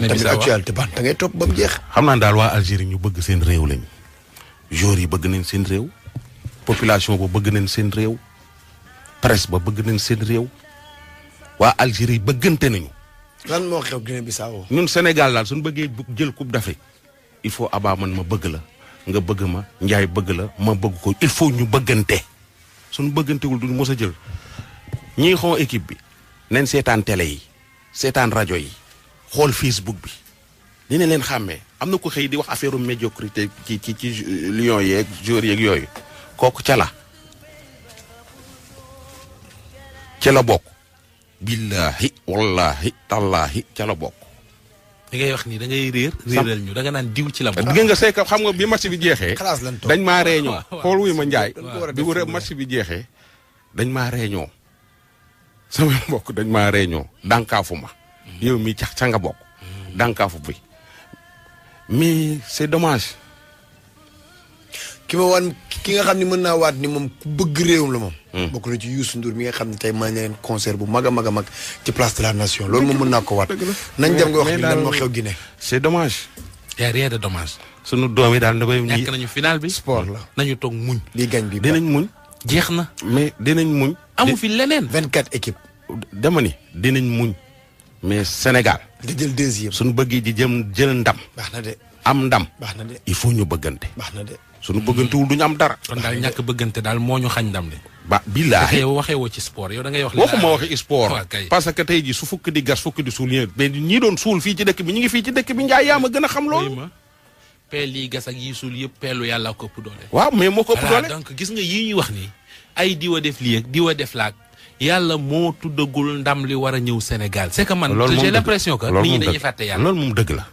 tamit actualité ban da ngay topp jeex. xam naa daal waa Algérie ñu bëgg seen réew lañu joueurs yi bëgg nañ seen réew population ba bëgg nañ seen réew presse ba bëgg nañ seen réew waa Algérie bëggante nañu. lan moo xew Guinée Bissau ñun Sénégal daal suñu bëggee jël coupe d'Afrique il faut abaa man ma bëgg la nga bëgg ma Ndiaye bëgg la ma bëgg ko il faut ñu bëggante suñu bëggantewul du mos a jël ñii xoo équipe bi nañ seetaan télé yi seetaan rajo yi. xool Facebook bi ne leen xàmmee am na ko xëy di wax affaire médiocrité ci ci ci euh, Lions yeeg joueurs yeeg yooyu kooku ca la ca la bokk. billaahi wallaahi tallaahi ca la bokk. li wax nii da ngay réer. réeral ñu da nga naan diw ci la. bokk nga seeka xam nga bi match bi jeexee. dañ maa réñoo xool wuy ma njaay. bi wër match bi jeexe dañ maa réñoo. sama mbokk dañ ma réñoo dànkaafu ma. yow mi cax ca nga bokk. Mm. dànkaafu bi mais c'est dommage. ki ma wan ki nga xam ne mën naa waat ni moom ku bëgg réewam la moom. Mm. bokk na ci Youssou Ndour mi nga xam ne tey maa ngi leen concert bu mag a mag a mag ci place de la nation loolu moom mën naa ko waat. nañ dem nga wax ni lan moo xew Guinée. c'est dommage. y a rien de sunu doom yi daal da koy. ñàkk nañu final bi sport la. nañu toog muñ. lii gañ bi dinañ muñ. jeex na mais dinañ muñ. amu fi leneen. 24 équipes. dama ni dinañ muñ. mais Sénégal. di jël deuxième. suñu bëggee di jëm jël ndam. baax na de am ndam. baax na de il faut ñu bëggante. baax na de suñu bëggantewul du ñu am dara. kon ñàkk bëggante daal moo ñu xañ ndam de. ba billaahi yow waxee woo ci sport yow da ngay wax. waxuma waxi sport parce que tey ji su fukk di gas fukk di suul yéen mais ñi doon suul fii ci dëkk bi ñu ngi fii ci dëkk bi njaay yaa ma gën a xam loolu. peel yi gas ak yi suul yëpp peelu yàlla ko ëpp doole. waaw mais moo ko ëpp doole gis nga yii ñuy wax ni ay diwa def lii ak a def laak yàlla moo tuddagul ndam li war a ñëw Sénégal c'est que man. j'ai l'impression que nit ñi dañuy fàtte yàlla loolu moom dëgg la.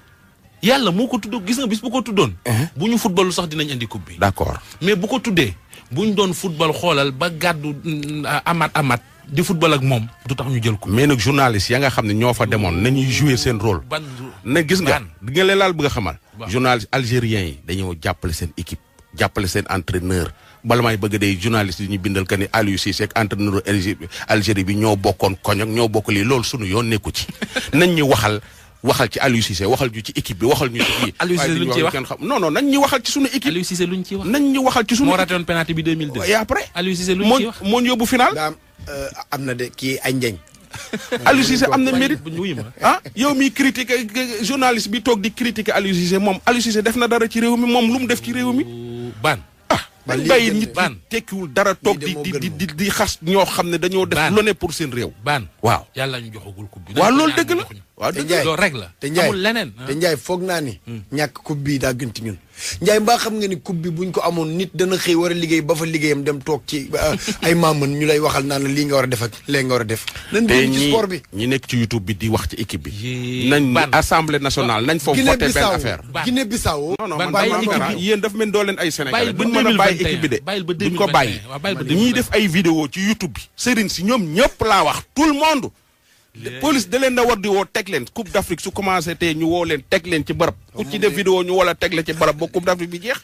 yàlla moo ko tudd gis nga bis bu ko tuddoon. Uh-huh. bu ñu football sax dina dinañ andi coupe bi. d'accord mais bu ko tuddee bu ñu doon football xoolal ba gàddu mm, amat amat. di football ak moom du tax ñu jël ko. mais nag journaliste ya nga xam ne ñoo fa demoon na ñuy jouer seen rôle. na gis nga di nga leen laal bëgg a xamal. journaliste algérien yi dañoo jàppale seen équipe jàppale seen entraîneur. bala may bëgg day journaliste yi ñu bindal que ni Aliou Cissé ak entraîneur Algérie bi ñoo bokkoon koñ ak ñoo bokk lii loolu sunu yoon nekku ci nañ ñu waxal waxal ci Aliou waxal ju ci équipe bi waxal ñu ci. Aliou Cissé luñ ciy wax non nañ ñu waxal ci sunu équipe. Aliou Cissé luñ ciy wax ñu waxal ci sunu. moo raté woon penalty bi 2002. et après Aliou Cissé luñ ciy wax yóbbu final. Euh, am na de kii a njañ. Aliou am na mérite ah yow mi critiqué journaliste bi toog di critiqué Aliou moom Aliou def na dara ci réew mi moom lu mu def ci réew mi baan. dañ bàyyi nit ñi tekkiwul dara toog di di di di xas ñoo xam ne dañoo def lone ne pour seen réew. baan waaw yàlla ñu joxagul coupe bi. waaw loolu dëgg la waaw dëgg la loolu rek la te Ndiaye amul leneen ah. te Ndiaye foog naa ni. ñàkk coupe bi daa gën ci ñun. Ndiaye mbaa xam nga ni coupe bi buñ ko amoon nit dana xëy war a liggéey ba fa liggéeyam dem toog ci ah, ay maamam ñu lay waxal naan la lii nga war a def ak lee nga war a def. nan ngeen ci sport bi ñi nekk ci YouTube bi di wax ci équipe bi. nañ assemblée nationale nañ foofu voté benn affaire. Guinée Bissau non non man man yéen daf mel doo leen ay Sénégalais. bàyyil ba 2021 bàyyil équipe bi de duñ ko bàyyi. ñiy def ay vidéo ci YouTube bi. Serigne si ñoom ñëpp laa wax tout le monde police da leen na war di woo teg leen coupe d' su commencé te ñu woo leen teg leen ci barab ku ci wala teg la ci barab ba coupe d' afrique bi jeex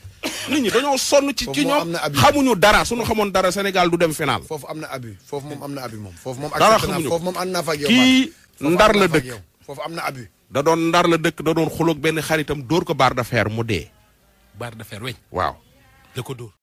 nit ñi dañoo sonn ci ci ñoom xamuñu dara suñu xamoon dara sénégal du dem final foofu am na abi foofu moom am na abi moom foofu moom dara xamuñu foofu moom am na fa ak yow kii ndar la dëkk foofu am na abi da doon ndar la dëkk da doon xuloog benn xaritam dóor ko barre de fer mu dee barre de fer weñ waaw da ko dóor